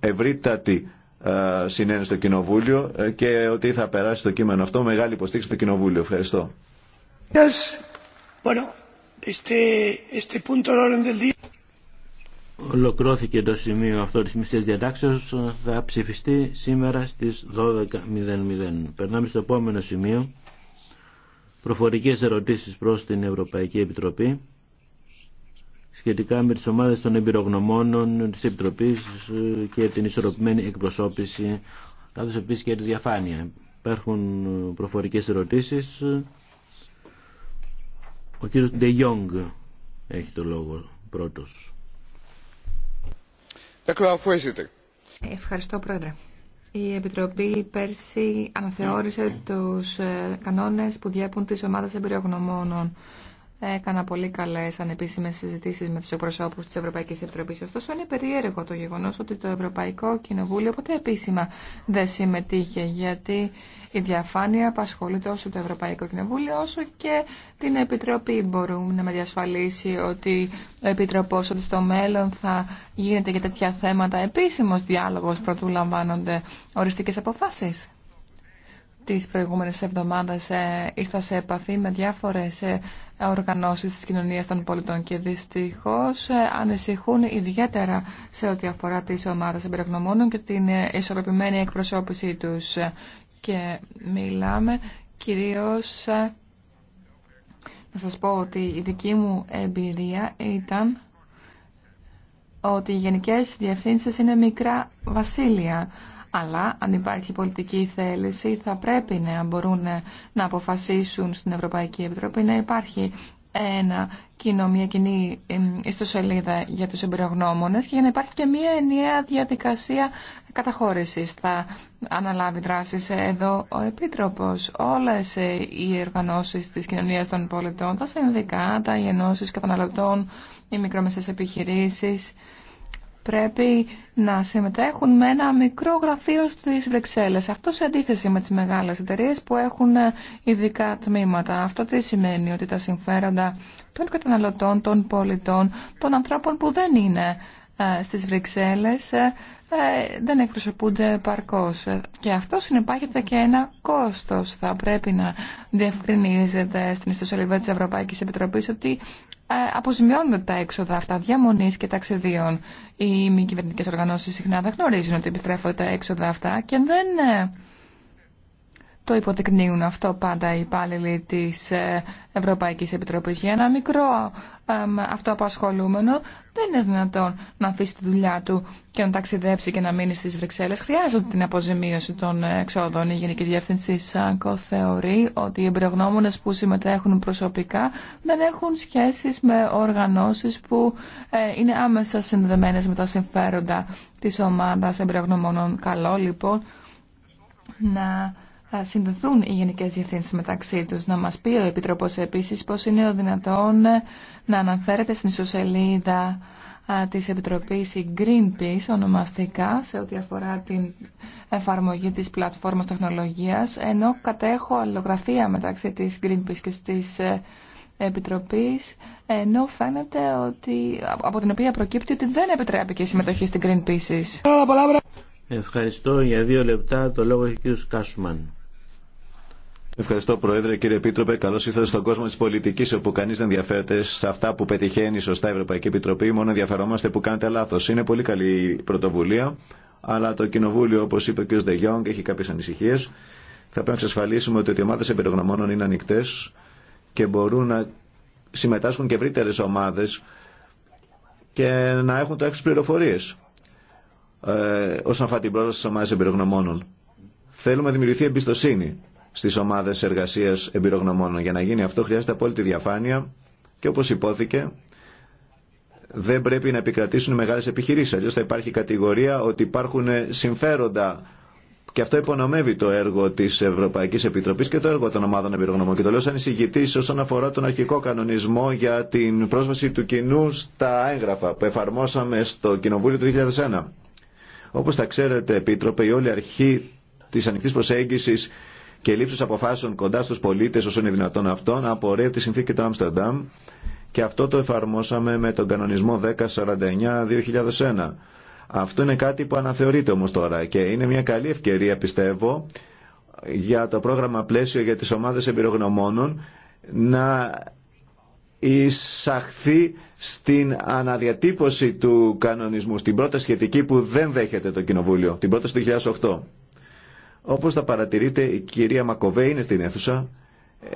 ευρύτατη ε, συνένεση στο Κοινοβούλιο ε, και ότι θα περάσει το κείμενο αυτό μεγάλη υποστήριξη στο Κοινοβούλιο. Ευχαριστώ. Ολοκλώθηκε το σημείο αυτό της μισή διατάξεως. Θα ψηφιστεί σήμερα στις 12.00. Περνάμε στο επόμενο σημείο. Προφορικές ερωτήσεις προς την Ευρωπαϊκή Επιτροπή σχετικά με τις ομάδες των εμπειρογνωμόνων της Επιτροπής ε, και την ισορροπημένη εκπροσώπηση καθώς επίσης και τη διαφάνεια. Υπάρχουν ε, προφορικές ερωτήσεις. Ο κύριος Ντε έχει το λόγο πρώτος. Ευχαριστώ πρόεδρε. Η Επιτροπή πέρσι αναθεώρησε τους ε, κανόνες που διέπουν τις ομάδες εμπειρογνωμόνων Έκανα πολύ καλέ ανεπίσημε συζητήσει με του εκπροσώπου τη Ευρωπαϊκή Επιτροπή. Ωστόσο, είναι περίεργο το γεγονό ότι το Ευρωπαϊκό Κοινοβούλιο ποτέ επίσημα δεν συμμετείχε, γιατί η διαφάνεια απασχολεί τόσο το Ευρωπαϊκό Κοινοβούλιο όσο και την Επιτροπή. Μπορούμε να με διασφαλίσει ότι ο Επιτροπό ότι στο μέλλον θα γίνεται για τέτοια θέματα επίσημο διάλογο προτού λαμβάνονται οριστικέ αποφάσει τις προηγούμενες εβδομάδες ε, ήρθα σε επαφή με διάφορες ε, οργανώσεις της κοινωνίας των πολιτών και δυστυχώς ε, ανησυχούν ιδιαίτερα σε ό,τι αφορά τις ομάδες εμπειρογνωμόνων και την ισορροπημένη εκπροσώπησή τους. Και μιλάμε κυρίως... Να σας πω ότι η δική μου εμπειρία ήταν ότι οι γενικές διευθύνσεις είναι μικρά βασίλεια. Αλλά αν υπάρχει πολιτική θέληση θα πρέπει να μπορούν να αποφασίσουν στην Ευρωπαϊκή Επιτροπή να υπάρχει ένα κοινό, μια κοινή ιστοσελίδα για τους εμπειρογνώμονες και για να υπάρχει και μια ενιαία διαδικασία καταχώρησης. Θα αναλάβει δράσεις εδώ ο Επίτροπος, όλες ε, οι οργανώσεις της κοινωνίας των πολιτών, τα συνδικάτα, οι ενώσεις καταναλωτών, οι μικρομεσαίες επιχειρήσεις, πρέπει να συμμετέχουν με ένα μικρό γραφείο στις Βρυξέλλες. Αυτό σε αντίθεση με τις μεγάλες εταιρείε που έχουν ειδικά τμήματα. Αυτό τι σημαίνει ότι τα συμφέροντα των καταναλωτών, των πολιτών, των ανθρώπων που δεν είναι ε, στις Βρυξέλλες ε, ε, δεν εκπροσωπούνται παρκώς. Και αυτό συνεπάγεται και ένα κόστος. Θα πρέπει να διευκρινίζεται στην ιστοσελίδα της Ευρωπαϊκής Επιτροπής ότι ε, αποζημιώνονται τα έξοδα αυτά διαμονής και ταξιδίων. Οι μη κυβερνητικέ οργανώσει συχνά δεν γνωρίζουν ότι επιστρέφονται τα έξοδα αυτά και δεν ε, το υποδεικνύουν αυτό πάντα οι υπάλληλοι της ε, Ευρωπαϊκή Επιτροπή, Για ένα μικρό αυτοαπασχολούμενο δεν είναι δυνατόν να αφήσει τη δουλειά του και να ταξιδέψει και να μείνει στις Βρυξέλλες. Χρειάζονται την αποζημίωση των εξόδων. Η Γενική Διεύθυνση ΣΑΝΚΟ θεωρεί ότι οι εμπειρογνώμονες που συμμετέχουν προσωπικά δεν έχουν σχέσεις με οργανώσεις που ε, είναι άμεσα συνδεμένες με τα συμφέροντα της ομάδας εμπειρογνωμονών. Καλό λοιπόν να συνδεθούν οι γενικέ διευθύνσει μεταξύ του. Να μας πει ο Επιτροπός επίσης πώς είναι ο δυνατόν να αναφέρεται στην ισοσελίδα της Επιτροπής η Greenpeace ονομαστικά σε ό,τι αφορά την εφαρμογή της πλατφόρμας τεχνολογίας ενώ κατέχω αλληλογραφία μεταξύ της Greenpeace και της ε, Επιτροπής ενώ φαίνεται ότι από την οποία προκύπτει ότι δεν επιτρέπει και η συμμετοχή στην Greenpeace. Ευχαριστώ για δύο λεπτά. Το λόγο έχει ο κ. Κάσουμαν. Ευχαριστώ Πρόεδρε, κύριε Επίτροπε. Καλώ ήρθατε στον κόσμο τη πολιτική, όπου κανεί δεν ενδιαφέρεται σε αυτά που πετυχαίνει σωστά η Ευρωπαϊκή Επιτροπή. Μόνο ενδιαφερόμαστε που κάνετε λάθο. Είναι πολύ καλή η πρωτοβουλία, αλλά το Κοινοβούλιο, όπω είπε ο κ. Ντεγιόνγκ, έχει κάποιε ανησυχίε. Θα πρέπει να εξασφαλίσουμε ότι οι ομάδε εμπειρογνωμόνων είναι ανοιχτέ και μπορούν να συμμετάσχουν και ευρύτερε ομάδε και να έχουν το έξω πληροφορίε ε, όσον αφορά την πρόσβαση στι ομάδε εμπειρογνωμόνων. Θέλουμε να δημιουργηθεί εμπιστοσύνη στις ομάδες εργασίας εμπειρογνωμόνων. Για να γίνει αυτό χρειάζεται απόλυτη διαφάνεια και όπως υπόθηκε δεν πρέπει να επικρατήσουν μεγάλες επιχειρήσεις. Αλλιώς θα υπάρχει κατηγορία ότι υπάρχουν συμφέροντα και αυτό υπονομεύει το έργο τη Ευρωπαϊκή Επιτροπή και το έργο των ομάδων εμπειρογνωμών. Και το λέω σαν εισηγητή όσον αφορά τον αρχικό κανονισμό για την πρόσβαση του κοινού στα έγγραφα που εφαρμόσαμε στο Κοινοβούλιο του 2001. Όπω τα ξέρετε, Επίτροπε, η όλη αρχή τη ανοιχτή προσέγγιση και λήψη αποφάσεων κοντά στου πολίτε όσο είναι δυνατόν αυτόν απορρέει τη συνθήκη του Άμστερνταμ και αυτό το εφαρμόσαμε με τον κανονισμό 1049-2001. Αυτό είναι κάτι που αναθεωρείται όμως τώρα και είναι μια καλή ευκαιρία πιστεύω για το πρόγραμμα πλαίσιο για τις ομάδες εμπειρογνωμόνων να εισαχθεί στην αναδιατύπωση του κανονισμού, στην πρώτη σχετική που δεν δέχεται το Κοινοβούλιο, την πρώτη του 2008. Όπως θα παρατηρείτε η κυρία Μακοβέ είναι στην αίθουσα,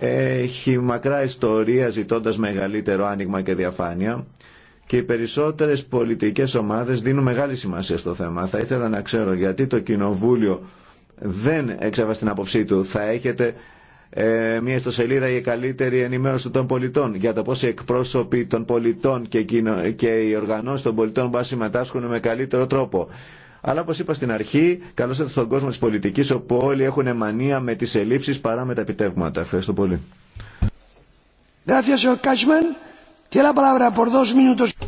έχει μακρά ιστορία ζητώντας μεγαλύτερο άνοιγμα και διαφάνεια και οι περισσότερες πολιτικές ομάδες δίνουν μεγάλη σημασία στο θέμα. Θα ήθελα να ξέρω γιατί το Κοινοβούλιο δεν έξαβα στην άποψή του. Θα έχετε ε, μια ιστοσελίδα για καλύτερη ενημέρωση των πολιτών για το πώς οι εκπρόσωποι των πολιτών και, και οι οργανώσεις των πολιτών μπορούν να συμμετάσχουν με καλύτερο τρόπο. Αλλά όπω είπα στην αρχή, καλώ ήρθατε στον κόσμο τη πολιτική όπου όλοι έχουν μανία με τι ελλείψει παρά με τα επιτεύγματα. Ευχαριστώ πολύ.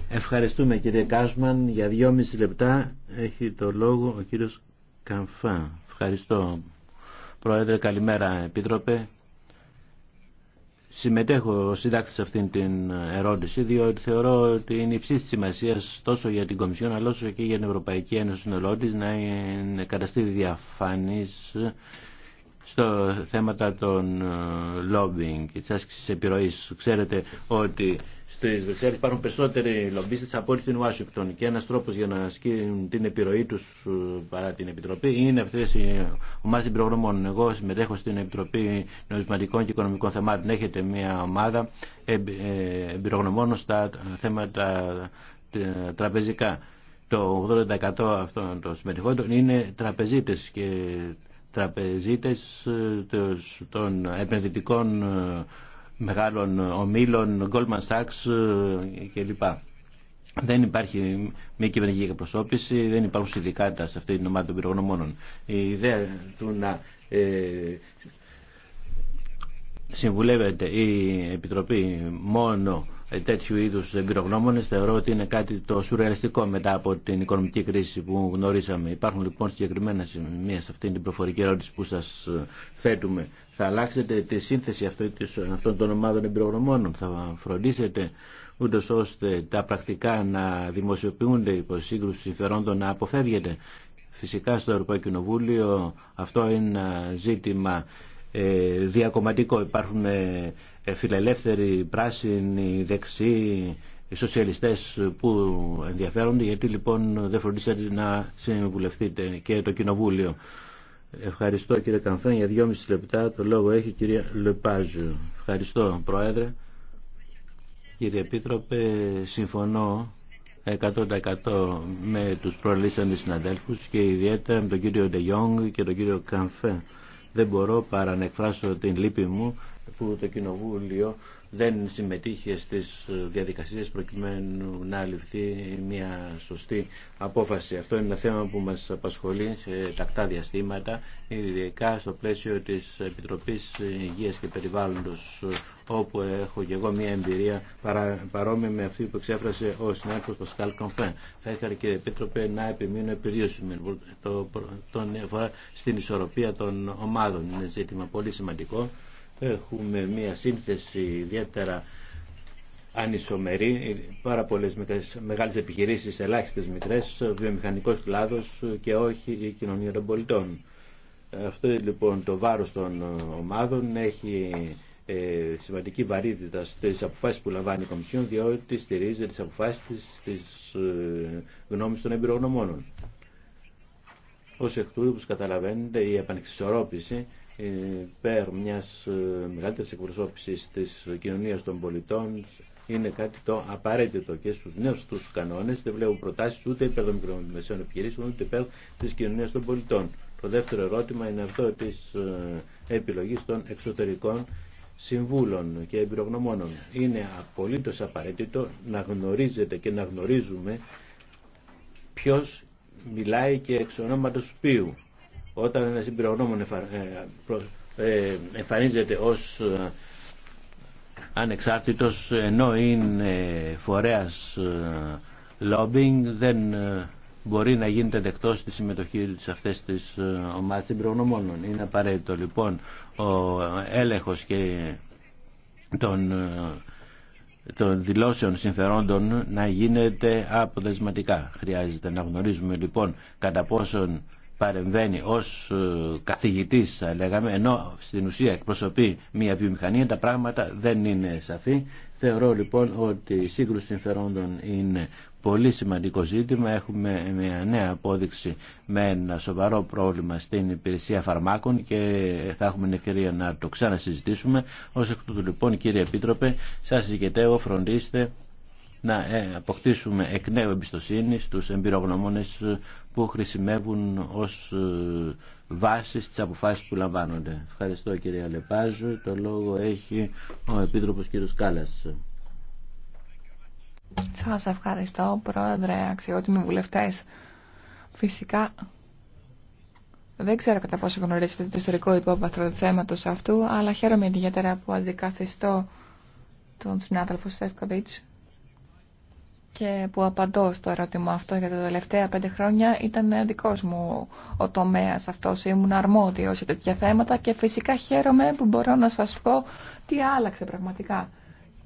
Ευχαριστούμε κύριε Κάσμαν. Για δυόμιση λεπτά έχει το λόγο ο κύριος Καμφά. Ευχαριστώ. Πρόεδρε, καλημέρα Επίτροπε συμμετέχω συντάξει σε αυτήν την ερώτηση, διότι θεωρώ ότι είναι υψή τη σημασία τόσο για την Κομισιόν αλλά όσο και για την Ευρωπαϊκή Ένωση συνολότη να είναι καταστεί διαφανή στο θέματα των ε, lobbying και τη άσκηση επιρροή. Ξέρετε ότι στι Βρυξέλλε υπάρχουν περισσότεροι λομπίστε από όλη την Ουάσιγκτον. Και ένα τρόπο για να ασκήσουν την επιρροή του ε, παρά την Επιτροπή είναι αυτέ οι ομάδε προγραμμών. Εγώ συμμετέχω στην Επιτροπή Νομισματικών και Οικονομικών Θεμάτων. Έχετε μια ομάδα ε, εμπειρογνωμών στα θέματα ε, τραπεζικά. Το 80% αυτών των συμμετεχόντων είναι τραπεζίτες και τραπεζίτες των επενδυτικών μεγάλων ομίλων, Goldman Sachs ε, κλπ. Δεν υπάρχει μια κυβερνητική εκπροσώπηση, δεν υπάρχουν συνδικάτα σε αυτή την ομάδα των πυρογνωμόνων. Η ιδέα του να ε, συμβουλεύεται η Επιτροπή μόνο ε, τέτοιου είδους εμπειρογνώμονες θεωρώ ότι είναι κάτι το σουρεαλιστικό μετά από την οικονομική κρίση που γνωρίσαμε. Υπάρχουν λοιπόν συγκεκριμένα σημεία σε αυτή την προφορική ερώτηση που σας ε, θέτουμε. Θα αλλάξετε τη σύνθεση ε, αυτών των ομάδων εμπειρογνωμόνων. Θα φροντίσετε ούτω ώστε τα πρακτικά να δημοσιοποιούνται υπό σύγκρουση συμφερόντων να αποφεύγεται. Φυσικά στο Ευρωπαϊκό Κοινοβούλιο αυτό είναι ζήτημα ε, διακομματικό. Υπάρχουν ε, ε, φιλελεύθεροι, πράσινοι, δεξιοί, οι σοσιαλιστές που ενδιαφέρονται γιατί λοιπόν δεν φροντίσατε να συμβουλευτείτε και το Κοινοβούλιο. Ευχαριστώ κύριε Καμφέν για δυόμιση λεπτά. Το λόγο έχει η κυρία Λεπάζου. Ευχαριστώ Πρόεδρε. Κύριε Επίτροπε, συμφωνώ 100% με τους προλήσαντες συναδέλφους και ιδιαίτερα με τον κύριο Ντεγιόγκ και τον κύριο Καμφέ δεν μπορώ παρά να εκφράσω την λύπη μου που το Κοινοβούλιο δεν συμμετείχε στις διαδικασίες προκειμένου να ληφθεί μια σωστή απόφαση. Αυτό είναι ένα θέμα που μας απασχολεί σε τακτά διαστήματα, ειδικά στο πλαίσιο της Επιτροπής Υγείας και Περιβάλλοντος, όπου έχω και εγώ μια εμπειρία παρόμοια με αυτή που εξέφρασε ο συνάδελφος Πασκάλ Κομφέ. Θα ήθελα και επίτροπε να επιμείνω επί δύο σημείων. Το, στην ισορροπία των ομάδων είναι ζήτημα πολύ σημαντικό έχουμε μια σύνθεση ιδιαίτερα ανισομερή, πάρα πολλές μεγάλες επιχειρήσεις, ελάχιστες μικρές, βιομηχανικός κλάδος και όχι η κοινωνία των πολιτών. Αυτό λοιπόν το βάρος των ομάδων έχει ε, σημαντική βαρύτητα στις αποφάσεις που λαμβάνει η Κομισιόν διότι στηρίζει τις αποφάσεις της, της ε, γνώμης των εμπειρογνωμόνων. Ως εκ τούτου, όπως καταλαβαίνετε, η επανεξισορρόπηση υπέρ μιας ε, μεγαλύτερης εκπροσώπησης της κοινωνίας των πολιτών είναι κάτι το απαραίτητο και στους νέους τους κανόνες δεν βλέπουν προτάσεις ούτε υπέρ των μικρομεσαίων επιχειρήσεων ούτε υπέρ της κοινωνίας των πολιτών. Το δεύτερο ερώτημα είναι αυτό της ε, επιλογής των εξωτερικών συμβούλων και εμπειρογνωμόνων. Είναι απολύτως απαραίτητο να γνωρίζετε και να γνωρίζουμε ποιος μιλάει και εξ ονόματος ποιου. Όταν ένα εμπειρογνώμων ε, ε, εμφανίζεται ως ε, ανεξάρτητος ενώ είναι φορέας lobbying δεν μπορεί να γίνεται δεκτός τη συμμετοχή σε αυτές τις ομάδες εμπειρογνωμόνων. Είναι απαραίτητο λοιπόν ο έλεγχος και των, των δηλώσεων συμφερόντων να γίνεται αποδεσματικά. Χρειάζεται να γνωρίζουμε λοιπόν κατά πόσον παρεμβαίνει ως ε, καθηγητής θα λέγαμε ενώ στην ουσία εκπροσωπεί μια βιομηχανία τα πράγματα δεν είναι σαφή θεωρώ λοιπόν ότι η σύγκρουση συμφερόντων είναι πολύ σημαντικό ζήτημα έχουμε μια νέα απόδειξη με ένα σοβαρό πρόβλημα στην υπηρεσία φαρμάκων και θα έχουμε την ευκαιρία να το ξανασυζητήσουμε ως εκ τούτου λοιπόν κύριε Επίτροπε σας ζητητεύω φροντίστε να ε, αποκτήσουμε εκ νέου εμπιστοσύνη στους εμπειρογνωμόνες που χρησιμεύουν ως ε, βάση στις αποφάσεις που λαμβάνονται. Ευχαριστώ κύριε Αλεπάζου. Το λόγο έχει ο Επίτροπος κύριος Κάλλας. Σας ευχαριστώ πρόεδρε, αξιότιμοι βουλευτές. Φυσικά δεν ξέρω κατά πόσο γνωρίζετε το ιστορικό υπόβαθρο του θέματος αυτού, αλλά χαίρομαι ιδιαίτερα που αντικαθιστώ τον συνάδελφο Σεφκοβιτς και που απαντώ στο ερώτημα αυτό για τα τελευταία πέντε χρόνια ήταν δικός μου ο τομέας αυτός. Ήμουν αρμόδιος σε τέτοια θέματα και φυσικά χαίρομαι που μπορώ να σας πω τι άλλαξε πραγματικά.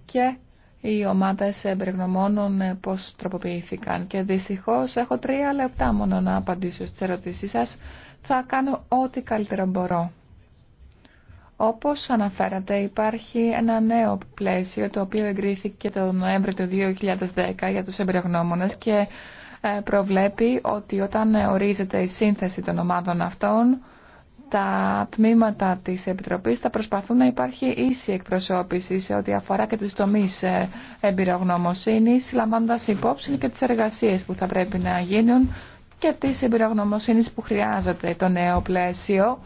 Και οι ομάδες εμπεριγνωμόνων πώς τροποποιήθηκαν. Και δυστυχώς έχω τρία λεπτά μόνο να απαντήσω στις ερωτήσεις σας. Θα κάνω ό,τι καλύτερο μπορώ. Όπως αναφέρατε υπάρχει ένα νέο πλαίσιο το οποίο εγκρίθηκε το Νοέμβριο του 2010 για τους εμπειρογνώμονες και ε, προβλέπει ότι όταν ορίζεται η σύνθεση των ομάδων αυτών τα τμήματα της Επιτροπής θα προσπαθούν να υπάρχει ίση εκπροσώπηση σε ό,τι αφορά και τις τομείς ε, εμπειρογνωμοσύνης, λαμβάνοντας υπόψη και τις εργασίες που θα πρέπει να γίνουν και τις εμπειρογνωμοσύνης που χρειάζεται το νέο πλαίσιο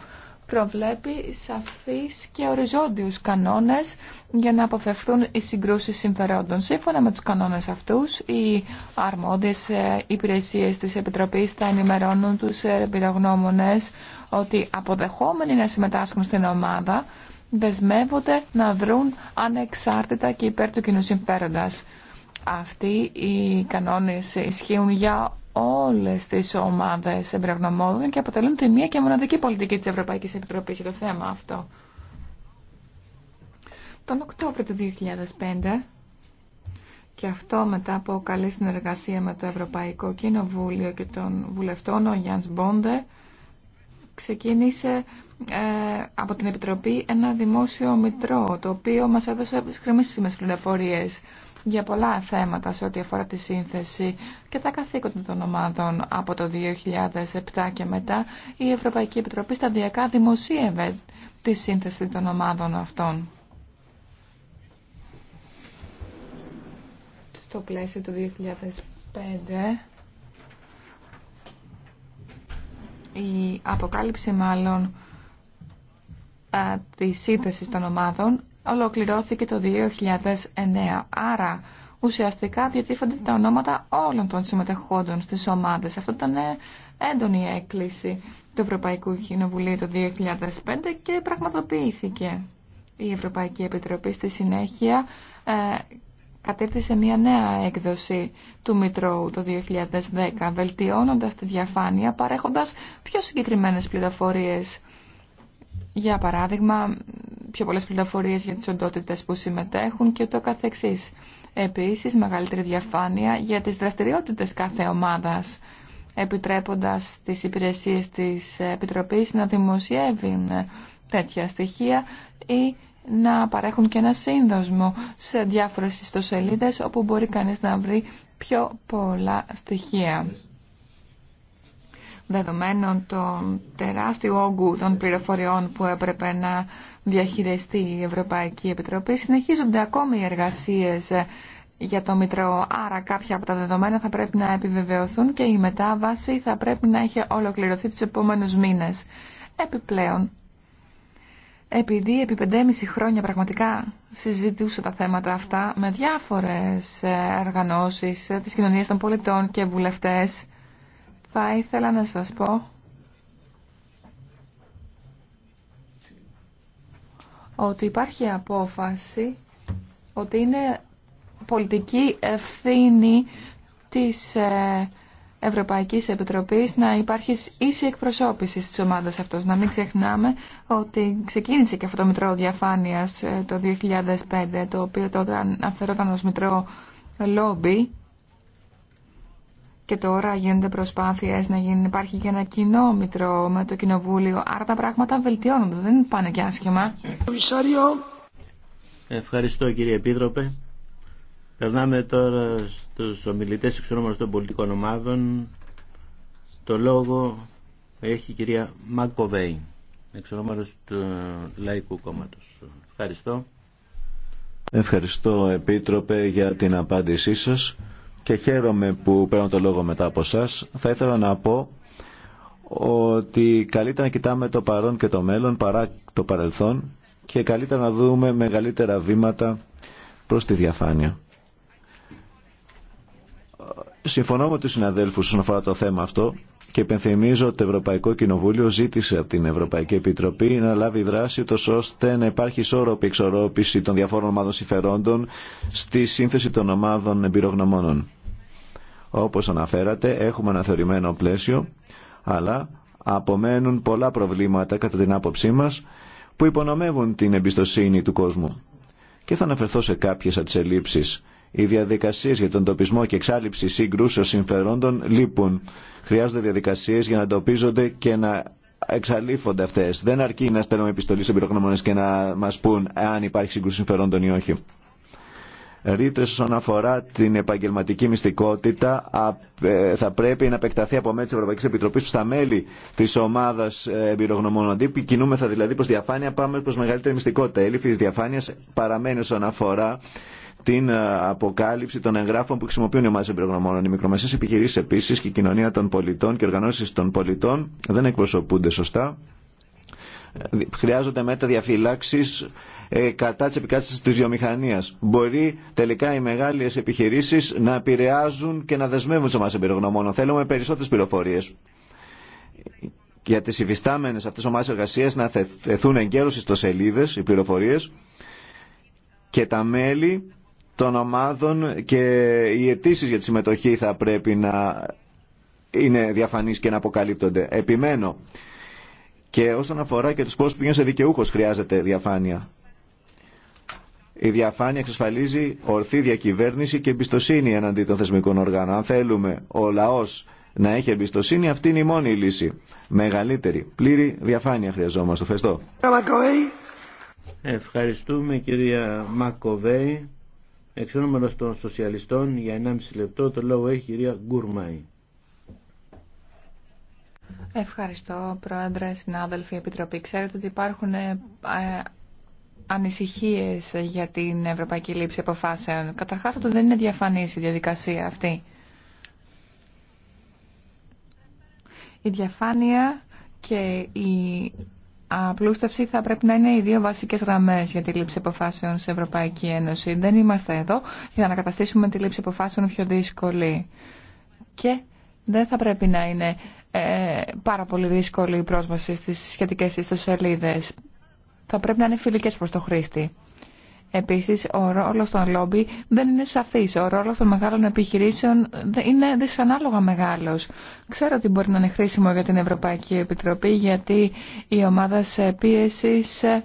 προβλέπει σαφείς και οριζόντιους κανόνες για να αποφευθούν οι συγκρούσεις συμφερόντων. Σύμφωνα με τους κανόνες αυτούς, οι αρμόδιες ε, υπηρεσίες της Επιτροπής θα ενημερώνουν τους εμπειρογνώμονες ότι αποδεχόμενοι να συμμετάσχουν στην ομάδα δεσμεύονται να βρουν ανεξάρτητα και υπέρ του κοινού συμφέροντας. Αυτοί οι κανόνες ισχύουν για όλες τις ομάδες εμπρευνομόδων και αποτελούν τη μία και μοναδική πολιτική της Ευρωπαϊκής Επιτροπής για το θέμα αυτό. Τον Οκτώβριο του 2005 και αυτό μετά από καλή συνεργασία με το Ευρωπαϊκό Κοινοβούλιο και τον βουλευτών, ο Γιάννης Μπόντε ξεκίνησε ε, από την Επιτροπή ένα δημόσιο μητρό, το οποίο μας έδωσε με πληροφορίες για πολλά θέματα σε ό,τι αφορά τη σύνθεση και τα καθήκοντα των ομάδων από το 2007 και μετά η Ευρωπαϊκή Επιτροπή σταδιακά δημοσίευε τη σύνθεση των ομάδων αυτών. Στο πλαίσιο του 2005 η αποκάλυψη μάλλον ε, της σύνθεση των ομάδων ολοκληρώθηκε το 2009. Άρα ουσιαστικά διατύφονται τα ονόματα όλων των συμμετεχόντων στις ομάδες. Αυτό ήταν έντονη έκκληση του Ευρωπαϊκού Κοινοβουλίου το 2005 και πραγματοποιήθηκε. Η Ευρωπαϊκή Επιτροπή στη συνέχεια ε, μια νέα έκδοση του Μητρώου το 2010, βελτιώνοντας τη διαφάνεια, παρέχοντας πιο συγκεκριμένες πληροφορίες. Για παράδειγμα, πιο πολλές πληροφορίες για τις οντότητες που συμμετέχουν και το καθεξής. Επίσης, μεγαλύτερη διαφάνεια για τις δραστηριότητες κάθε ομάδας, επιτρέποντας τις υπηρεσίες της Επιτροπής να δημοσιεύουν τέτοια στοιχεία ή να παρέχουν και ένα σύνδοσμο σε διάφορες ιστοσελίδες όπου μπορεί κανείς να βρει πιο πολλά στοιχεία. Δεδομένων των τεράστιου όγκου των πληροφοριών που έπρεπε να διαχειριστεί η Ευρωπαϊκή Επιτροπή. Συνεχίζονται ακόμη οι εργασίες ε, για το Μητρό, άρα κάποια από τα δεδομένα θα πρέπει να επιβεβαιωθούν και η μετάβαση θα πρέπει να έχει ολοκληρωθεί τους επόμενους μήνες. Επιπλέον, επειδή επί 5,5 χρόνια πραγματικά συζητούσα τα θέματα αυτά με διάφορες ε, οργανώσεις ε, της κοινωνίας των πολιτών και βουλευτές, θα ήθελα να σας πω ότι υπάρχει απόφαση ότι είναι πολιτική ευθύνη της ε, Ευρωπαϊκής Επιτροπής να υπάρχει ίση εκπροσώπηση της ομάδας αυτός. Να μην ξεχνάμε ότι ξεκίνησε και αυτό το Μητρό Διαφάνειας ε, το 2005, το οποίο τότε αναφερόταν ως Μητρό Λόμπι και τώρα γίνονται προσπάθειες να γίνει, υπάρχει και ένα κοινό μητρό με το Κοινοβούλιο. Άρα τα πράγματα βελτιώνονται, δεν πάνε και άσχημα. Ευχαριστώ κύριε Επίτροπε. Περνάμε τώρα στους ομιλητές εξονόμενων των πολιτικών ομάδων. Το λόγο έχει η κυρία Μακοβέη, εξονόμενος του Λαϊκού Κόμματος. Ευχαριστώ. Ευχαριστώ Επίτροπε για την απάντησή σας και χαίρομαι που παίρνω το λόγο μετά από εσά. Θα ήθελα να πω ότι καλύτερα να κοιτάμε το παρόν και το μέλλον παρά το παρελθόν και καλύτερα να δούμε μεγαλύτερα βήματα προς τη διαφάνεια. Συμφωνώ με τους συναδέλφους όσον αφορά το θέμα αυτό και υπενθυμίζω ότι το Ευρωπαϊκό Κοινοβούλιο ζήτησε από την Ευρωπαϊκή Επιτροπή να λάβει δράση τόσο ώστε να υπάρχει ισόρροπη εξορρόπηση των διαφόρων ομάδων συμφερόντων στη σύνθεση των ομάδων εμπειρογνωμόνων. Όπως αναφέρατε έχουμε ένα θεωρημένο πλαίσιο αλλά απομένουν πολλά προβλήματα κατά την άποψή μας που υπονομεύουν την εμπιστοσύνη του κόσμου. Και θα αναφερθώ σε κάποιες ελλείψει οι διαδικασίε για τον τοπισμό και εξάλληψη σύγκρουσεων συμφερόντων λείπουν. Χρειάζονται διαδικασίε για να εντοπίζονται και να εξαλείφονται αυτέ. Δεν αρκεί να στέλνουμε επιστολή στου εμπειρογνώμονε και να μα πούν αν υπάρχει σύγκρουση συμφερόντων ή όχι. Ρήτρε όσον αφορά την επαγγελματική μυστικότητα ε, θα πρέπει να επεκταθεί από μέλη τη Ευρωπαϊκή Επιτροπή στα μέλη τη ομάδα ε, εμπειρογνωμών. Αντί κινούμεθα δηλαδή προ διαφάνεια, πάμε προ μεγαλύτερη μυστικότητα. Η έλλειψη διαφάνεια επιτροπη στα μελη τη ομαδα εμπειρογνωμων όσον μυστικοτητα η διαφανεια παραμενει οσον αφορα την ε, αποκάλυψη των εγγράφων που χρησιμοποιούν οι ομάδε εμπειρογνωμόνων. Οι μικρομεσαίε επιχειρήσει επίση και η κοινωνία των πολιτών και οργανώσει των πολιτών δεν εκπροσωπούνται σωστά. Ε, χρειάζονται μετά διαφυλάξει κατά τη επικράτηση τη βιομηχανία. Μπορεί τελικά οι μεγάλε επιχειρήσει να επηρεάζουν και να δεσμεύουν τι ομάδε εμπειρογνωμόνων. Θέλουμε περισσότερε πληροφορίε για τι υφιστάμενε αυτέ ομάδε εργασίε να θεθούν εγκαίρω στι σελίδε, οι πληροφορίε και τα μέλη των ομάδων και οι αιτήσει για τη συμμετοχή θα πρέπει να είναι διαφανείς και να αποκαλύπτονται. Επιμένω. Και όσον αφορά και τους πώ που πηγαίνουν σε δικαιούχος χρειάζεται διαφάνεια. Η διαφάνεια εξασφαλίζει ορθή διακυβέρνηση και εμπιστοσύνη εναντί των θεσμικών οργάνων. Αν θέλουμε ο λαός να έχει εμπιστοσύνη, αυτή είναι η μόνη λύση. Μεγαλύτερη, πλήρη διαφάνεια χρειαζόμαστε. Ευχαριστώ. Ευχαριστούμε κυρία Μακοβέη. Εξ των σοσιαλιστών για 1,5 λεπτό το λόγο έχει η κυρία Γκουρμάη. Ευχαριστώ, Πρόεδρε, συνάδελφοι, Επιτροπή. Ξέρετε ότι υπάρχουν ε, ε, ανησυχίες για την ευρωπαϊκή λήψη αποφάσεων. Καταρχάς, ότι δεν είναι διαφανής η διαδικασία αυτή. Η διαφάνεια και η απλούστευση θα πρέπει να είναι οι δύο βασικές γραμμές για τη λήψη αποφάσεων σε Ευρωπαϊκή Ένωση. Δεν είμαστε εδώ για να καταστήσουμε τη λήψη αποφάσεων πιο δύσκολη. Και δεν θα πρέπει να είναι ε, πάρα πολύ δύσκολη η πρόσβαση στις σχετικές ιστοσελίδες. Θα πρέπει να είναι φιλικές προς το χρήστη. Επίσης, ο ρόλος των λόμπι δεν είναι σαφής. Ο ρόλος των μεγάλων επιχειρήσεων είναι δυσανάλογα μεγάλος. Ξέρω ότι μπορεί να είναι χρήσιμο για την Ευρωπαϊκή Επιτροπή, γιατί οι ομάδες πίεσης ε,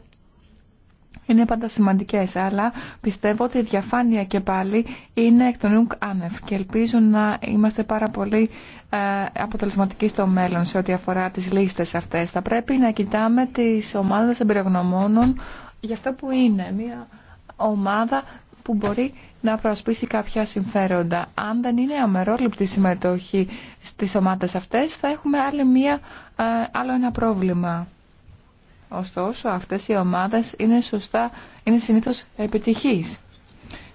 είναι πάντα σημαντικές, αλλά πιστεύω ότι η διαφάνεια και πάλι είναι εκ των νουκ άνευ και ελπίζω να είμαστε πάρα πολύ ε, αποτελεσματικοί στο μέλλον σε ό,τι αφορά τις λίστες αυτές. Θα πρέπει να κοιτάμε τις ομάδες εμπειρογνωμόνων για αυτό που είναι, μια ομάδα που μπορεί να προσπίσει κάποια συμφέροντα. Αν δεν είναι αμερόληπτη συμμετοχή στις ομάδες αυτές, θα έχουμε άλλη ε, άλλο ένα πρόβλημα. Ωστόσο, αυτές οι ομάδες είναι, σωστά, είναι συνήθως επιτυχείς.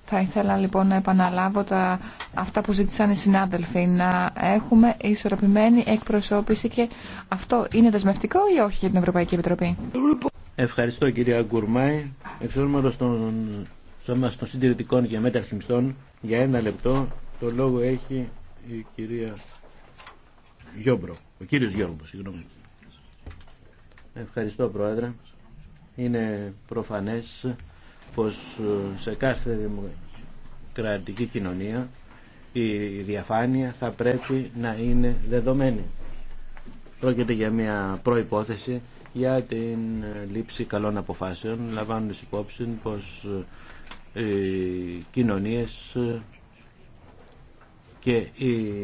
Θα ήθελα λοιπόν να επαναλάβω τα, αυτά που ζήτησαν οι συνάδελφοι, να έχουμε ισορροπημένη εκπροσώπηση και αυτό είναι δεσμευτικό ή όχι για την Ευρωπαϊκή Επιτροπή. Ευχαριστώ κυρία Γκουρμάη. Εξόρμαρο των σώμα των συντηρητικών και μεταρρυθμιστών για ένα λεπτό το λόγο έχει η κυρία Γιόμπρο. Ο κύριος Γιόμπρο, συγγνώμη. Ευχαριστώ Πρόεδρε. Είναι προφανές πως ε, σε κάθε κρατική κοινωνία η διαφάνεια θα πρέπει να είναι δεδομένη. Πρόκειται για μια προϋπόθεση για την ε, λήψη καλών αποφάσεων, λαμβάνοντας υπόψη πως ε, οι κοινωνίες ε, και οι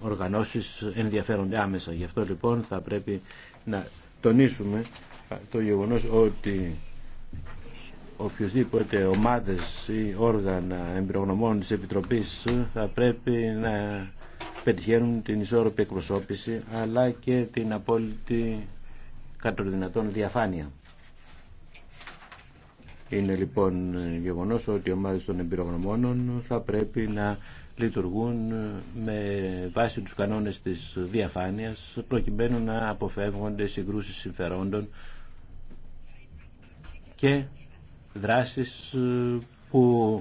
οργανώσεις ενδιαφέρονται άμεσα. Γι' αυτό λοιπόν θα πρέπει να τονίσουμε το γεγονός ότι οποιοσδήποτε ομάδες ή όργανα εμπειρογνωμών της Επιτροπής θα πρέπει να πετυχαίνουν την ισόρροπη εκπροσώπηση αλλά και την απόλυτη κατ' δυνατόν διαφάνεια. Είναι λοιπόν γεγονός ότι οι ομάδες των εμπειρογνωμόνων θα πρέπει να λειτουργούν με βάση τους κανόνες της διαφάνειας προκειμένου να αποφεύγονται συγκρούσεις συμφερόντων και δράσεις ε, που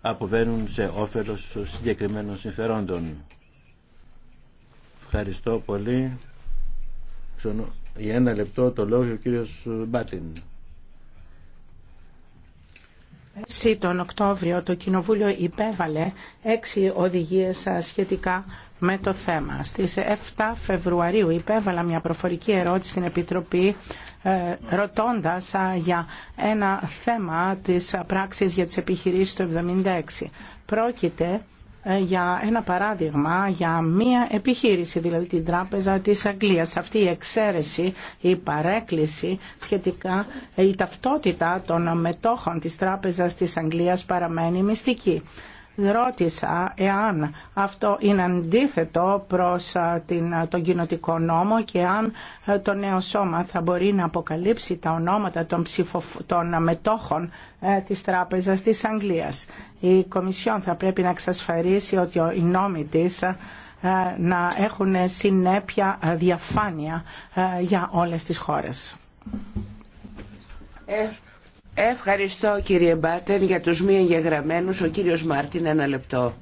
αποβαίνουν σε όφελος συγκεκριμένων συμφερόντων. Ευχαριστώ πολύ για ένα λεπτό το λόγο ο κύριος Μπάτιν. Πέρσι τον Οκτώβριο το Κοινοβούλιο υπέβαλε έξι οδηγίες σχετικά με το θέμα. Στις 7 Φεβρουαρίου υπέβαλα μια προφορική ερώτηση στην Επιτροπή ε, ρωτώντας για ένα θέμα της πράξης για τις επιχειρήσεις του 76. Πρόκειται ε, για ένα παράδειγμα για μία επιχείρηση, δηλαδή την Τράπεζα της Αγγλίας. Αυτή η εξαίρεση, η παρέκκληση σχετικά ε, η ταυτότητα των μετόχων της Τράπεζας της Αγγλίας παραμένει μυστική. Ρώτησα εάν αυτό είναι αντίθετο προς την, τον κοινοτικό νόμο και αν το νέο σώμα θα μπορεί να αποκαλύψει τα ονόματα των, μετόχων ε, της Τράπεζας της Αγγλίας. Η Κομισιόν θα πρέπει να εξασφαλίσει ότι οι νόμοι της να έχουν συνέπεια διαφάνεια για όλες τις χώρες. Ε, Ευχαριστώ κύριε Μπάτεν για τους μη εγγεγραμμένους. Ο κύριος Μάρτιν ένα λεπτό.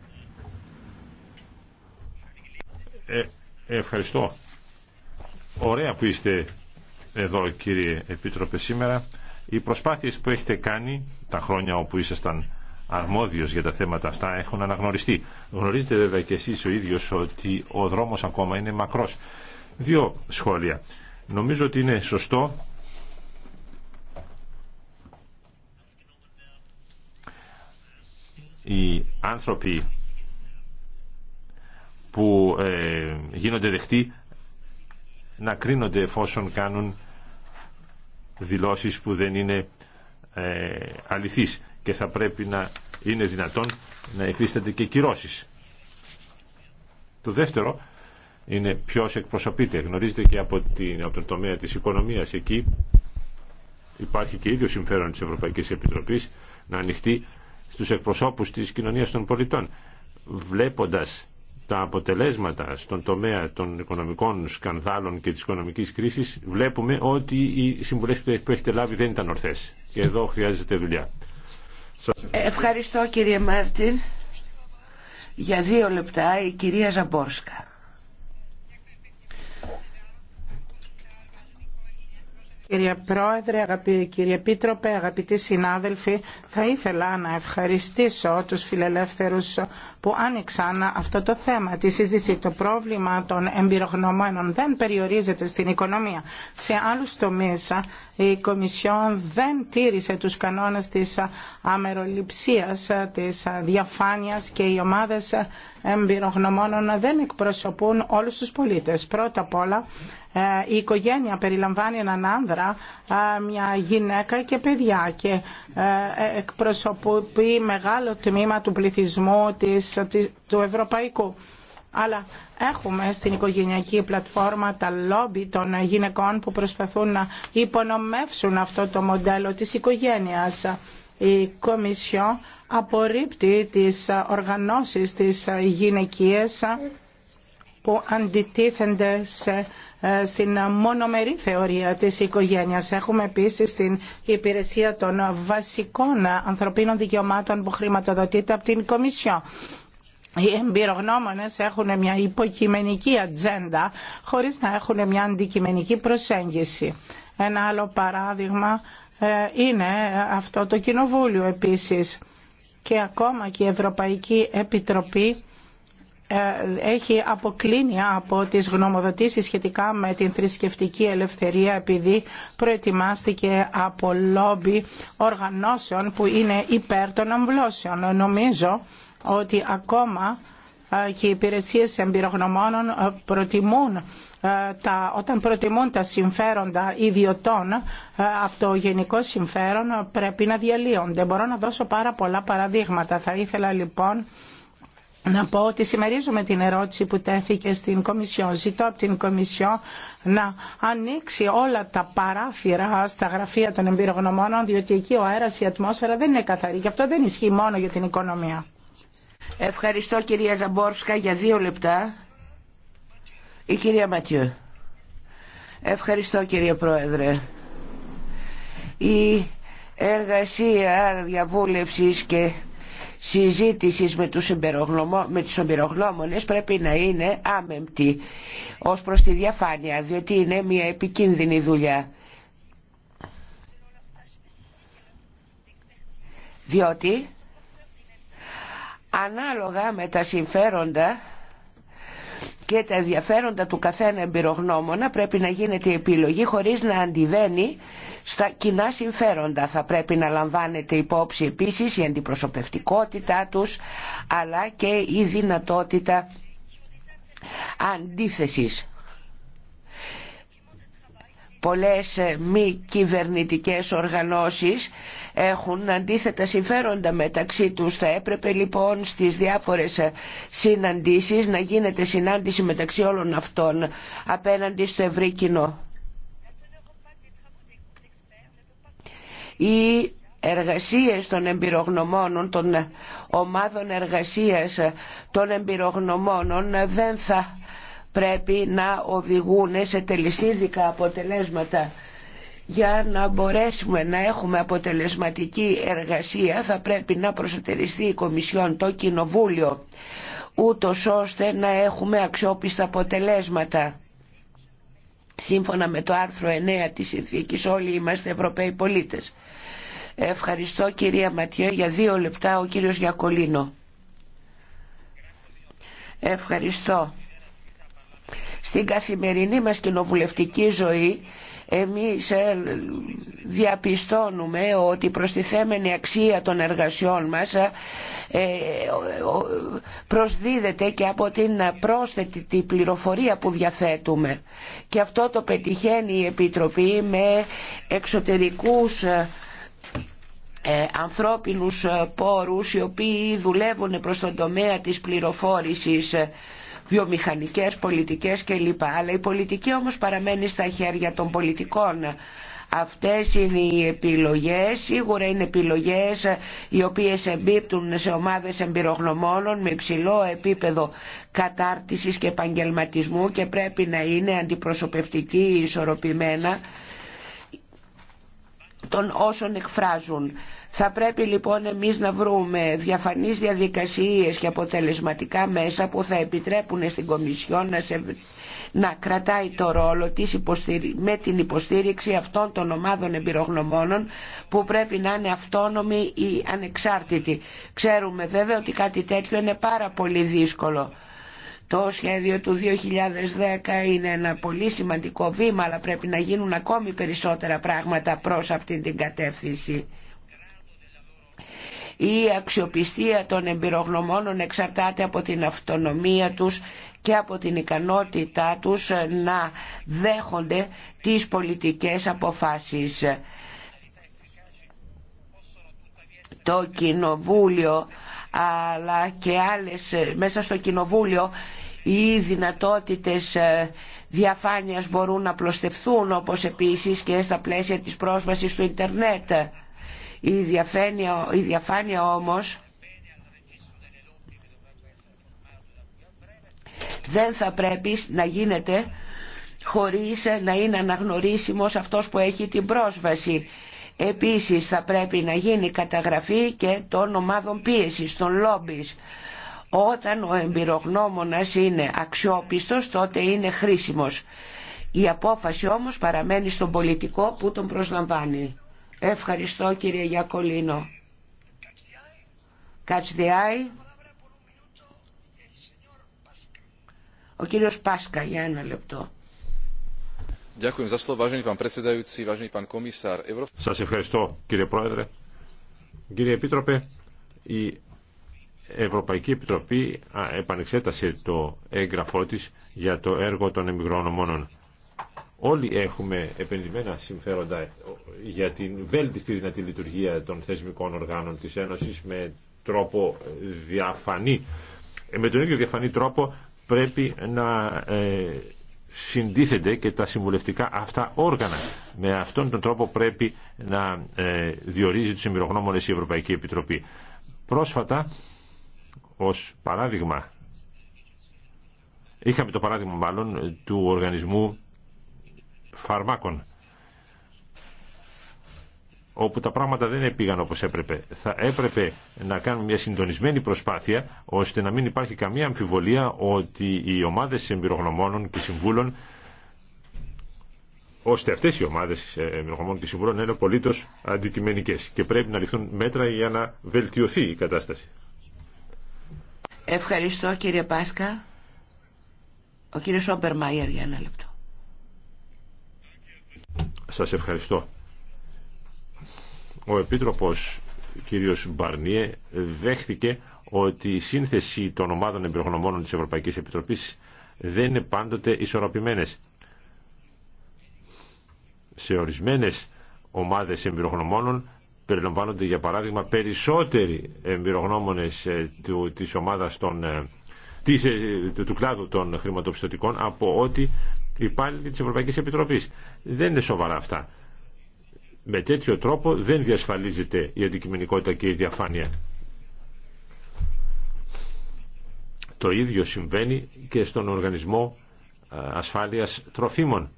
Ε, ευχαριστώ. Ωραία που είστε εδώ κύριε Επίτροπε σήμερα. Οι προσπάθειες που έχετε κάνει τα χρόνια όπου ήσασταν αρμόδιος για τα θέματα αυτά έχουν αναγνωριστεί. Γνωρίζετε βέβαια και εσείς ο ίδιος ότι ο δρόμος ακόμα είναι μακρός. Δύο σχόλια. Νομίζω ότι είναι σωστό οι άνθρωποι που ε, γίνονται δεχτοί να κρίνονται εφόσον κάνουν δηλώσεις που δεν είναι ε, αληθείς και θα πρέπει να είναι δυνατόν να υφίσταται και κυρώσεις. Το δεύτερο είναι ποιος εκπροσωπείται. Γνωρίζετε και από, την, από τομέα της οικονομίας εκεί υπάρχει και ίδιο συμφέρον της Ευρωπαϊκής Επιτροπής να ανοιχτεί στους εκπροσώπους της κοινωνίας των πολιτών βλέποντας τα αποτελέσματα στον τομέα των οικονομικών σκανδάλων και της οικονομικής κρίσης βλέπουμε ότι οι συμβουλές που έχετε λάβει δεν ήταν ορθές και εδώ χρειάζεται δουλειά. Ευχαριστώ κύριε Μάρτιν. Για δύο λεπτά η κυρία Ζαμπόρσκα. Κύριε Πρόεδρε, κύριε Πίτροπε, αγαπητοί συνάδελφοι, θα ήθελα να ευχαριστήσω τους φιλελεύθερους που άνοιξαν αυτό το θέμα, τη συζήτηση. Το πρόβλημα των εμπειρογνωμένων δεν περιορίζεται στην οικονομία. Σε άλλους τομείς η Κομισιόν δεν τήρησε τους κανόνες της αμεροληψίας, της διαφάνειας και οι ομάδες εμπειρογνωμόνων δεν εκπροσωπούν όλους τους πολίτες. Πρώτα απ' όλα ε, η οικογένεια περιλαμβάνει έναν άνδρα, ε, μια γυναίκα και παιδιά και ε, εκπροσωπεί μεγάλο τμήμα του πληθυσμού του ευρωπαϊκού αλλά έχουμε στην οικογενειακή πλατφόρμα τα λόμπι των γυναικών που προσπαθούν να υπονομεύσουν αυτό το μοντέλο της οικογένειας. Η Κομισιό απορρίπτει τις οργανώσεις της γυναικείας που αντιτίθενται σε ε, στην μονομερή θεωρία της οικογένειας. Έχουμε επίσης την υπηρεσία των βασικών ανθρωπίνων δικαιωμάτων που χρηματοδοτείται από την Κομισιό οι εμπειρογνώμονες έχουν μια υποκειμενική ατζέντα χωρίς να έχουν μια αντικειμενική προσέγγιση. Ένα άλλο παράδειγμα ε, είναι αυτό το Κοινοβούλιο επίσης και ακόμα και η Ευρωπαϊκή Επιτροπή ε, έχει αποκλίνει από τις γνωμοδοτήσεις σχετικά με την θρησκευτική ελευθερία επειδή προετοιμάστηκε από λόμπι οργανώσεων που είναι υπέρ των αμβλώσεων. Νομίζω ότι ακόμα ε, και οι υπηρεσίε εμπειρογνωμόνων ε, ε, τα, όταν προτιμούν τα συμφέροντα ιδιωτών από το γενικό συμφέρον πρέπει να διαλύονται. Μπορώ να δώσω πάρα πολλά παραδείγματα. Θα ήθελα λοιπόν να πω ότι συμμερίζομαι την ερώτηση που τέθηκε στην Κομισιό. Ζητώ από την Κομισιό να ανοίξει όλα τα παράθυρα στα γραφεία των εμπειρογνωμόνων, διότι εκεί ο αέρας, η ατμόσφαιρα δεν είναι καθαρή. Και αυτό δεν ισχύει μόνο για την οικονομία. Ευχαριστώ κυρία Ζαμπόρσκα για δύο λεπτά. Η κυρία Ματιού. Ευχαριστώ κύριε Πρόεδρε. Η εργασία διαβούλευσης και συζήτησης με τους, με τους πρέπει να είναι άμεμπτη ως προς τη διαφάνεια διότι είναι μια επικίνδυνη δουλειά. Διότι ανάλογα με τα συμφέροντα και τα ενδιαφέροντα του καθένα εμπειρογνώμονα πρέπει να γίνεται η επιλογή χωρίς να αντιβαίνει στα κοινά συμφέροντα. Θα πρέπει να λαμβάνεται υπόψη επίσης η αντιπροσωπευτικότητά τους αλλά και η δυνατότητα αντίθεσης. Πολλές μη κυβερνητικές οργανώσεις έχουν αντίθετα συμφέροντα μεταξύ τους. Θα έπρεπε λοιπόν στις διάφορες συναντήσεις να γίνεται συνάντηση μεταξύ όλων αυτών απέναντι στο ευρύ κοινό. Οι εργασίες των εμπειρογνωμόνων, των ομάδων εργασίας των εμπειρογνωμόνων δεν θα πρέπει να οδηγούν σε τελεσίδικα αποτελέσματα για να μπορέσουμε να έχουμε αποτελεσματική εργασία θα πρέπει να προσωτεριστεί η Κομισιόν το Κοινοβούλιο ούτω ώστε να έχουμε αξιόπιστα αποτελέσματα. Σύμφωνα με το άρθρο 9 της συνθήκης όλοι είμαστε Ευρωπαίοι πολίτες. Ευχαριστώ κυρία Ματιέ για δύο λεπτά ο κύριος Γιακολίνο. Ευχαριστώ. Στην καθημερινή μας κοινοβουλευτική ζωή εμείς ε, διαπιστώνουμε ότι τη προστιθέμενη αξία των εργασιών μας ε, ε, προσδίδεται και από την πρόσθετη πληροφορία που διαθέτουμε. Και αυτό το πετυχαίνει η Επιτροπή με εξωτερικούς ανθρώπινους πόρους οι οποίοι δουλεύουν προς τον τομέα της πληροφόρησης βιομηχανικές, πολιτικές κλπ. Αλλά η πολιτική όμως παραμένει στα χέρια των πολιτικών. Αυτές είναι οι επιλογές, σίγουρα είναι επιλογές οι οποίες εμπίπτουν σε ομάδες εμπειρογνωμόνων με υψηλό επίπεδο κατάρτισης και επαγγελματισμού και πρέπει να είναι αντιπροσωπευτική ισορροπημένα των όσων εκφράζουν. Θα πρέπει λοιπόν εμείς να βρούμε διαφανείς διαδικασίες και αποτελεσματικά μέσα που θα επιτρέπουν στην Κομισιό να, κρατάει το ρόλο της υποστηρι... με την υποστήριξη αυτών των ομάδων εμπειρογνωμόνων που πρέπει να είναι αυτόνομοι ή ανεξάρτητοι. Ξέρουμε βέβαια ότι κάτι τέτοιο είναι πάρα πολύ δύσκολο. Το σχέδιο του 2010 είναι ένα πολύ σημαντικό βήμα, αλλά πρέπει να γίνουν ακόμη περισσότερα πράγματα προς αυτήν την κατεύθυνση. Η αξιοπιστία των εμπειρογνωμόνων εξαρτάται από την αυτονομία τους και από την ικανότητά τους να δέχονται τις πολιτικές αποφάσεις. Το Κοινοβούλιο αλλά και άλλες μέσα στο Κοινοβούλιο οι δυνατότητες ε, διαφάνειας μπορούν να πλωστευθούν όπως επίσης και στα πλαίσια της πρόσβασης του Ιντερνετ. Η διαφάνεια, η διαφάνεια όμως δεν θα πρέπει να γίνεται χωρίς να είναι αναγνωρίσιμος αυτός που έχει την πρόσβαση. Επίσης θα πρέπει να γίνει καταγραφή και των ομάδων πίεσης, των λόμπις. Όταν ο εμπειρογνώμονας είναι αξιόπιστος τότε είναι χρήσιμος. Η απόφαση όμως παραμένει στον πολιτικό που τον προσλαμβάνει. Ευχαριστώ κύριε Γιακολίνο. Catch Ο κύριος Πάσκα για ένα λεπτό. Σας ευχαριστώ κύριε Πρόεδρε. Κύριε Επίτροπε, η Ευρωπαϊκή Επιτροπή επανεξέτασε το έγγραφό της για το έργο των εμιγρών ομόνων. Όλοι έχουμε επενδυμένα συμφέροντα για την βέλτιστη δυνατή λειτουργία των θεσμικών οργάνων της Ένωσης με τρόπο διαφανή. Με τον ίδιο διαφανή τρόπο πρέπει να ε, συντίθενται και τα συμβουλευτικά αυτά όργανα. Με αυτόν τον τρόπο πρέπει να ε, διορίζει τους εμπειρογνώμονες η Ευρωπαϊκή Επιτροπή. Πρόσφατα, ως παράδειγμα, είχαμε το παράδειγμα μάλλον του οργανισμού φαρμάκων όπου τα πράγματα δεν πήγαν όπως έπρεπε. Θα έπρεπε να κάνουμε μια συντονισμένη προσπάθεια ώστε να μην υπάρχει καμία αμφιβολία ότι οι ομάδες εμπειρογνωμόνων και συμβούλων ώστε αυτές οι ομάδες ε, εμπειρογνωμόνων και συμβούλων είναι απολύτω αντικειμενικές και πρέπει να ληφθούν μέτρα για να βελτιωθεί η κατάσταση. Ευχαριστώ κύριε Πάσκα. Ο κύριος Όμπερ Μάιερ για ένα λεπτό. Σας ευχαριστώ. Ο Επίτροπος κύριος Μπαρνιέ δέχτηκε ότι η σύνθεση των ομάδων εμπειρογνωμόνων της Ευρωπαϊκής Επιτροπής δεν είναι πάντοτε ισορροπημένες. Σε ορισμένες ομάδες εμπειρογνωμόνων περιλαμβάνονται για παράδειγμα περισσότεροι εμπειρογνώμονες ε, του, της ομάδας ε, ε, του κλάδου των χρηματοπιστωτικών από ότι υπάλληλοι της Ευρωπαϊκής Επιτροπής. Δεν είναι σοβαρά αυτά. Με τέτοιο τρόπο δεν διασφαλίζεται η αντικειμενικότητα και η διαφάνεια. Το ίδιο συμβαίνει και στον Οργανισμό ε, Ασφάλειας Τροφίμων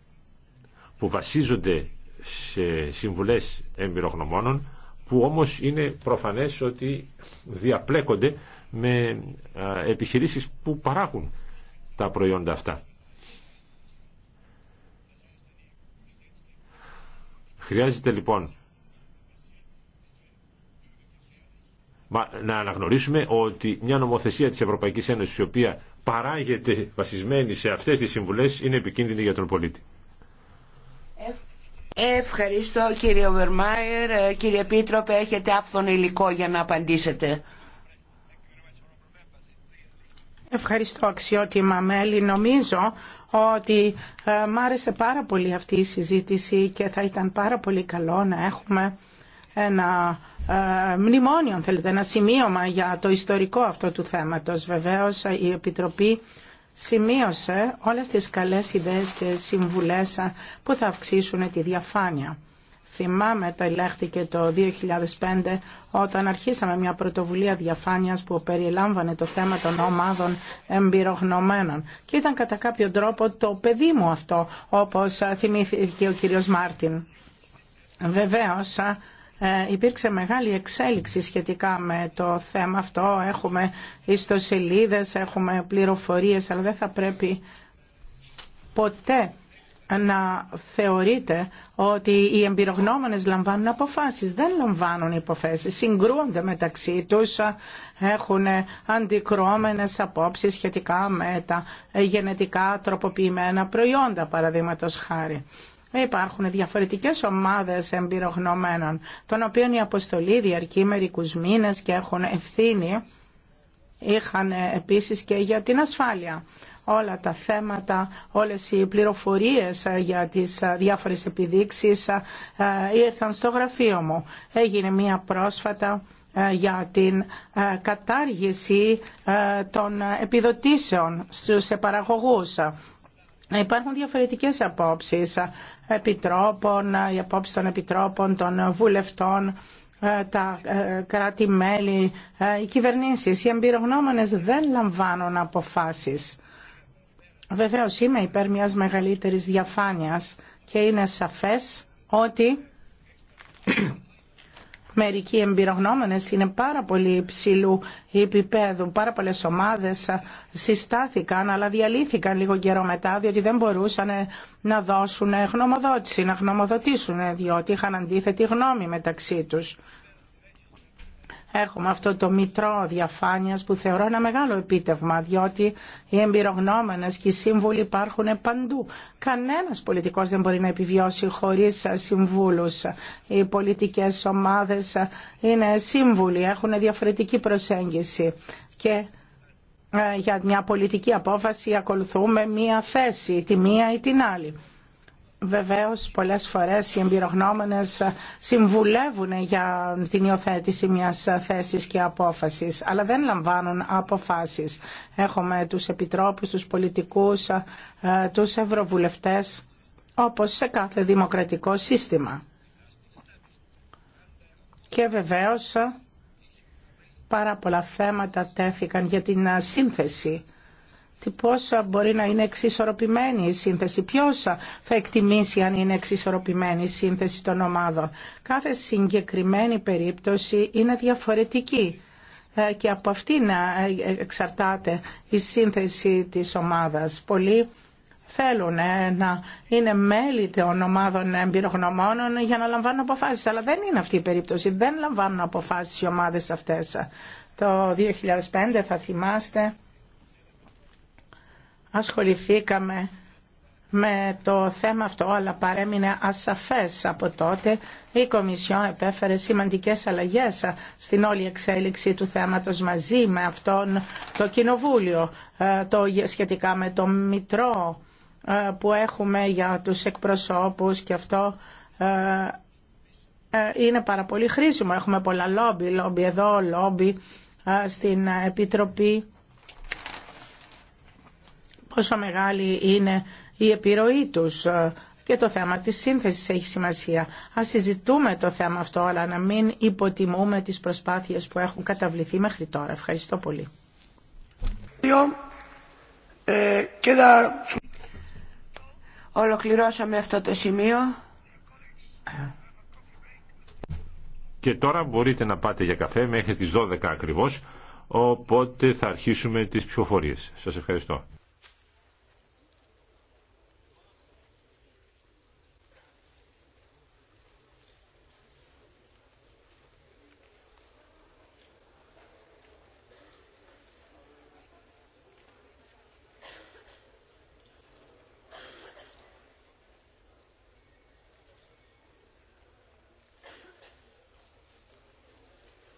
που βασίζονται σε συμβουλές εμπειρογνωμόνων που όμως είναι προφανές ότι διαπλέκονται με ε, επιχειρήσεις που παράγουν τα προϊόντα αυτά. Χρειάζεται λοιπόν να αναγνωρίσουμε ότι μια νομοθεσία της Ευρωπαϊκής Ένωσης η οποία παράγεται βασισμένη σε αυτές τις συμβουλές είναι επικίνδυνη για τον πολίτη. Ευχαριστώ κύριε Βερμάιερ. Κύριε Πίτροπε έχετε άφθονο υλικό για να απαντήσετε. Ευχαριστώ αξιότιμα μέλη. Νομίζω ότι ε, μ' άρεσε πάρα πολύ αυτή η συζήτηση και θα ήταν πάρα πολύ καλό να έχουμε ένα ε, μνημόνιο, θέλετε, ένα σημείωμα για το ιστορικό αυτό του θέματος. Βεβαίως η Επιτροπή σημείωσε όλες τις καλές ιδέες και συμβουλές που θα αυξήσουν τη διαφάνεια. Θυμάμαι τα το 2005 όταν αρχίσαμε μια πρωτοβουλία διαφάνειας που περιλάμβανε το θέμα των ομάδων εμπειρογνωμένων. Και ήταν κατά κάποιο τρόπο το παιδί μου αυτό, όπως θυμήθηκε ο κύριος Μάρτιν. Βεβαίως, ε, υπήρξε μεγάλη εξέλιξη σχετικά με το θέμα αυτό. Έχουμε ιστοσελίδες, έχουμε πληροφορίες, αλλά δεν θα πρέπει ποτέ να θεωρείτε ότι οι εμπειρογνώμονες λαμβάνουν αποφάσεις. Δεν λαμβάνουν υποφέσεις, συγκρούονται μεταξύ τους, έχουν αντικρώμενες απόψεις σχετικά με τα γενετικά τροποποιημένα προϊόντα, παραδείγματο χάρη. Υπάρχουν διαφορετικές ομάδες εμπειρογνωμένων, των οποίων η αποστολή διαρκεί μερικούς μήνες και έχουν ευθύνη είχαν επίσης και για την ασφάλεια όλα τα θέματα, όλες οι πληροφορίες ε, για τις ε, διάφορες επιδείξεις ε, ήρθαν στο γραφείο μου. Έγινε μία πρόσφατα για την κατάργηση των επιδοτήσεων στους παραγωγούς. Υπάρχουν διαφορετικές απόψεις επιτρόπων, οι απόψεις των επιτρόπων, των βουλευτών, τα κράτη-μέλη, οι κυβερνήσεις, οι εμπειρογνώμονες δεν λαμβάνουν αποφάσεις. Βεβαίως είμαι υπέρ μιας μεγαλύτερης διαφάνειας και είναι σαφές ότι μερικοί εμπειρογνώμενες είναι πάρα πολύ υψηλού επίπεδου. Πάρα πολλές ομάδες συστάθηκαν αλλά διαλύθηκαν λίγο καιρό μετά διότι δεν μπορούσαν να δώσουν γνωμοδότηση, να γνωμοδοτήσουν διότι είχαν αντίθετη γνώμη μεταξύ τους. Έχουμε αυτό το μητρό διαφάνειας που θεωρώ ένα μεγάλο επίτευγμα, διότι οι εμπειρογνώμενες και οι σύμβουλοι υπάρχουν παντού. Κανένας πολιτικός δεν μπορεί να επιβιώσει χωρίς συμβούλους. Οι πολιτικές ομάδες είναι σύμβουλοι, έχουν διαφορετική προσέγγιση και ε, για μια πολιτική απόφαση ακολουθούμε μία θέση, τη μία ή την άλλη. Βεβαίως πολλές φορές οι εμπειρογνώμονες συμβουλεύουν για την υιοθέτηση μιας θέσης και απόφασης, αλλά δεν λαμβάνουν αποφάσεις. Έχουμε τους επιτρόπους, τους πολιτικούς, ε, τους ευρωβουλευτές, όπως σε κάθε δημοκρατικό σύστημα. Και βεβαίως ε, πάρα πολλά θέματα τέθηκαν για την σύνθεση τι πώς μπορεί να είναι εξισορροπημένη η σύνθεση, ποιος θα εκτιμήσει αν είναι εξισορροπημένη η σύνθεση των ομάδων. Κάθε συγκεκριμένη περίπτωση είναι διαφορετική ε, και από αυτήν ε, εξαρτάται η σύνθεση της ομάδας. Πολλοί θέλουν ε, να είναι μέλη των ομάδων εμπειρογνωμόνων για να λαμβάνουν αποφάσεις, αλλά δεν είναι αυτή η περίπτωση, δεν λαμβάνουν αποφάσεις οι ομάδες αυτές. Το 2005 θα θυμάστε ασχοληθήκαμε με το θέμα αυτό, αλλά παρέμεινε ασαφές από τότε. Η Κομισιόν επέφερε σημαντικές αλλαγές στην όλη εξέλιξη του θέματος μαζί με αυτόν το Κοινοβούλιο, ε, το σχετικά με το Μητρό ε, που έχουμε για τους εκπροσώπους και αυτό ε, είναι πάρα πολύ χρήσιμο. Έχουμε πολλά λόμπι, λόμπι εδώ, λόμπι στην Επιτροπή πόσο μεγάλη είναι η επιρροή τους ε, και το θέμα της σύνθεσης έχει σημασία. Ας συζητούμε το θέμα αυτό, αλλά να μην υποτιμούμε τις προσπάθειες που έχουν καταβληθεί μέχρι τώρα. Ευχαριστώ πολύ. Ολοκληρώσαμε αυτό το σημείο. Και τώρα μπορείτε να πάτε για καφέ μέχρι τις 12 ακριβώς, οπότε θα αρχίσουμε τις ψηφοφορίες. Σας ευχαριστώ.